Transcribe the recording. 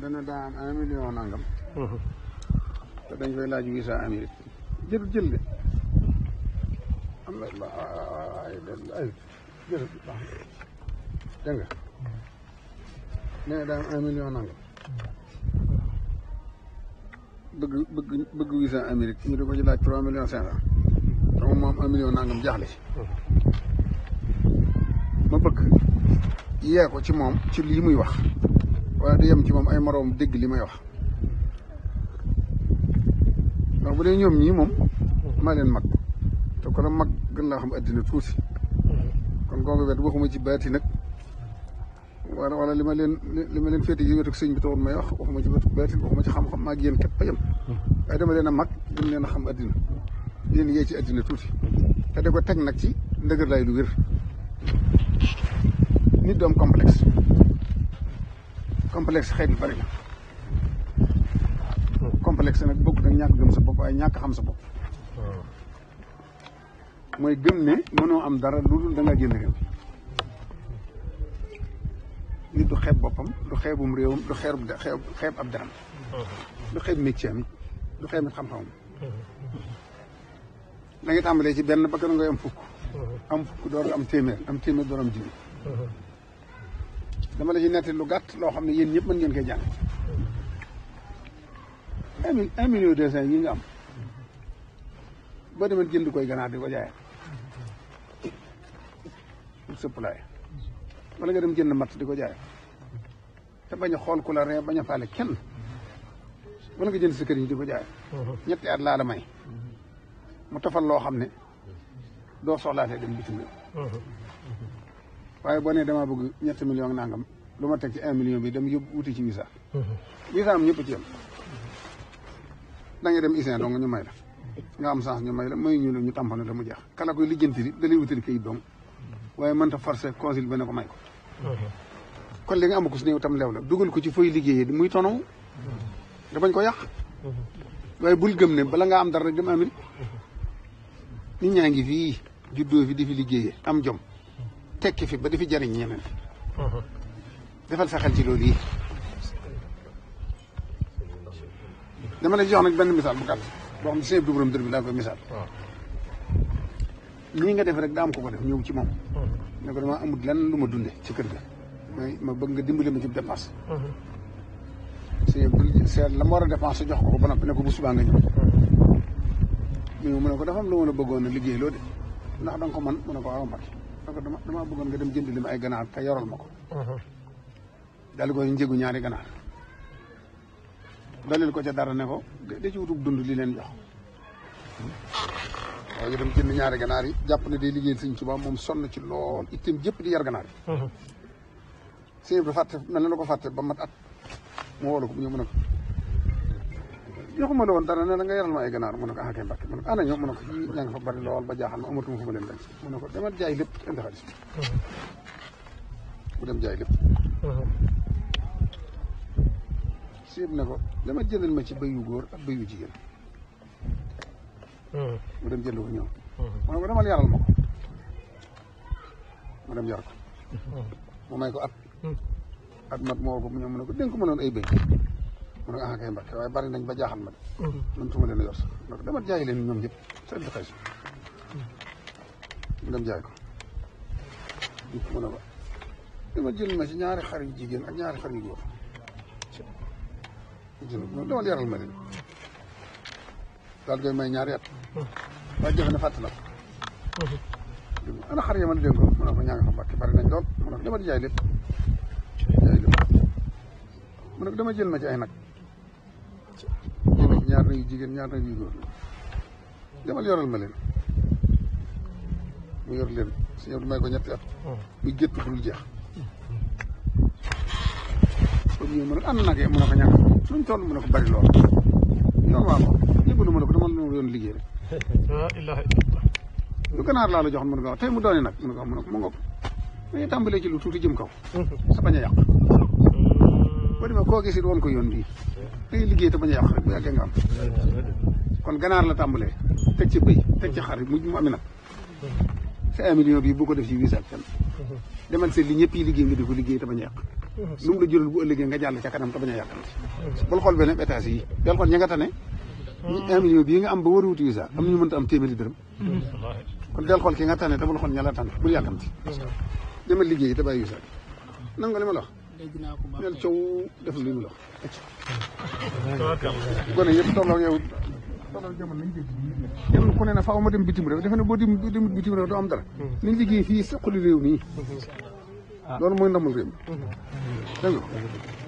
dana dana un million nangam. Mhm. laaj visa Amérique jël jël de am bëgg bëgg bëgg visa Amérique ñu di ko ci laaj trois millions cinq cent te moom un million nangam jaaxle si mhm. ma bëgg yee ci moom ci lii muy wax waaye da yem ci moom ay moroom dégg li may wax ndax bu dee ñoom ñii moom maa leen mag te kon a mag gën laa xam addina tuuti kon googu wet waxuma ci baati nag wala wala li ma leen li ma leen féete yi wetuk sëñ bi taxoon ma wax waxuma ci wetu baati waxuma ci xam-xam maa ngi yéen képp a yem waaye dama leen a mag gën leen a xam addina yéen yee ci addina tuuti te da ko teg nag ci ndëgër laay lu wér nit doom complexe complexe xeet yu bari la complexe nag bokk nag ñàkk gëm sa bopp ñàkk xam sa bopp mooy gëm ne mënoo am dara lu dul da nga génn réew nit du xeeb boppam du xeebum réewam du xeeb xeeb ab daram du xeeb métier am du xeeb xam-xamam da ngay tàmbalee ci benn bakkan nga am fukk am fukk door am téeméer am téeméer door am junni dama la ci nettali lu gàtt loo xam ne yéen ñëpp mën ngeen koy jàng un mille un million deux cent yi nga am boo demee jënd koy ganaar di ko jaayee pour supply wala nga dem jënd mat di ko jaayee te bañ a xool ku la ree bañ a faale kenn wala nga jënd sa kër yi di ko jaayee ñetti at laa la may mu tofal loo xam ne doo soxlaatee dem bitim réew waaye boo nee damaa bëgg ñetti million naa lu ma teg ci un million bi dem yóbbu wuti ci visa mhm. visa am ñëpp ci yem da dem isin dong ñu may la nga am chance ñu may la may ñu la ñu tampane la mu jeex kala koy lijjanti li dalay wutali kayit dong waaye mënta forcé consul ba ko may mhm. kon li am ko su néew tam leew la dugal ko ci fooy liggéeyee muy tonaw mhm. nga ko yàq waaye bul gëm ne bala nga am dara rek dem Amérique nit ñaa ngi fii juddoo fi di fi liggéeyee am jom tekki fi ba di fi jëriñ ñeneen mhm. defal sa xel ci lool yi dama lay jox nak benn misal bu kall bo xam ne sëñ Abdou Borom dër bi laa koy misaal ah. lii nga def rek da am ko ko def ñew ci mom mhm. ne ko dama amul lan luma dundé ci kër ga may ma bëgg nga dimbali ma ci dépasse sëñ Abdou seet la ma war a dépense jox ko ko ba noppi ne ko bu subaa nga ñëw mais mhm. mu ko dafa am lu ma la bëggoon a liggéey loo de ndax da ko man mu ko waaw Mbacke ne ko dama damaa bëggoon nga dem jënd li ay ganaar te yoral ma ko. Mhm. dal ko njëgu ñaari ganaar. dalil ko ca dara ne ko da ci wutub dund li leen jox. waaw ñu dem jënd ñaari ganaar yi jàpp ne day liggéeyal Sëñ Tuubaa moom sonn ci lool itam jëpp di yar ganaar yi. Mhm. sëñ bi fàtte mel na ko fàtte ba mat at mu woo ko mu ñëw mën a joxuma la woon dara ne la nga yaral ma ay ganaar mu ne ko ah kay mbàkke mu ne ko ana ñoom mu ne ko fii ña nga fa bari lool ba jaaxal ma amatuma dem mu jaay lépp indi dem jaay lépp ko dama jëlal ma ci béyu góor ak béyu jigéen mu dem jënd ko ñëw mu ne ko demal yaral ma mu dem yar ko mu may ko at mat moo ko mu ñëw mu ne ko dénk ma noonu ay béy mu ne ah kay Mbàkke waaye bari nañ ba jaaxal ma de. mënatuma mhm. leen a yor sax donc dama jaay leen ñoom ñëpp seen jël ma si ñaari xar yu jigéen ak ñaari xar yu góor. jël ma dama yaral ma leen. daal koy may ñaari at. Mhm. waaye jafe na fàtte na ko. Mhm. ana xar ya ma dénk ko mu ne ko ñaa nga dama jël ma ci ay nag. wàcc ñu ne ñaar nañu jigéen ñaar nañu góor demal yoral ma leen mu yor leen sëñ Abdou may ko ñetti at hmm. muy gétt dul jeex comme mu ne ànd naa ko mën a ko ñàkk suñ mu mën a ko bari lool yoon waa ko lépp lu mën a ko dama la yoon liggéey rek lu ganaar laa la joxoon mën nga wax mu doone nag mën nga mën a ko mu ngoog dañuy tàmbalee ci lu tuuti jëm kaw hmm. sa bañ a yàq hmm. boo demee koo gisit woon ko yoon bii da liggéey te bañ a yàq rek bu yàggee nga am kon ganaar la tàmbalee teg ci bëy teg ci xar mu ami nag sa un million bii boo ko def ci wiis ak kenn demal seet li ñëpp yi liggéey nga di ko liggéey te bañ a yàq lu la jural bu ëllëgee nga jàll ca kanam te bañ a yàq na bul xool beneen étage yi del xool nga tane un million bii nga am ba war a wuti visa am nañu mënta am téeméeri dërëm kon del xool ki nga tane te bul xool ña la tane bul yàkkamti demal liggéey te bàyyi visa nangu li neel caw def li mu la gone yëpp tolloog yow tolloog jamono nañ jëf kenn ku ne na faaw ma dem bitim réew defe ne boo dem bitim réew doo am dara mm-hmm. nañ liggéey fii saqali réew nii mm-hmm. loolu mooy ndamul réew mm-hmm. dégg nga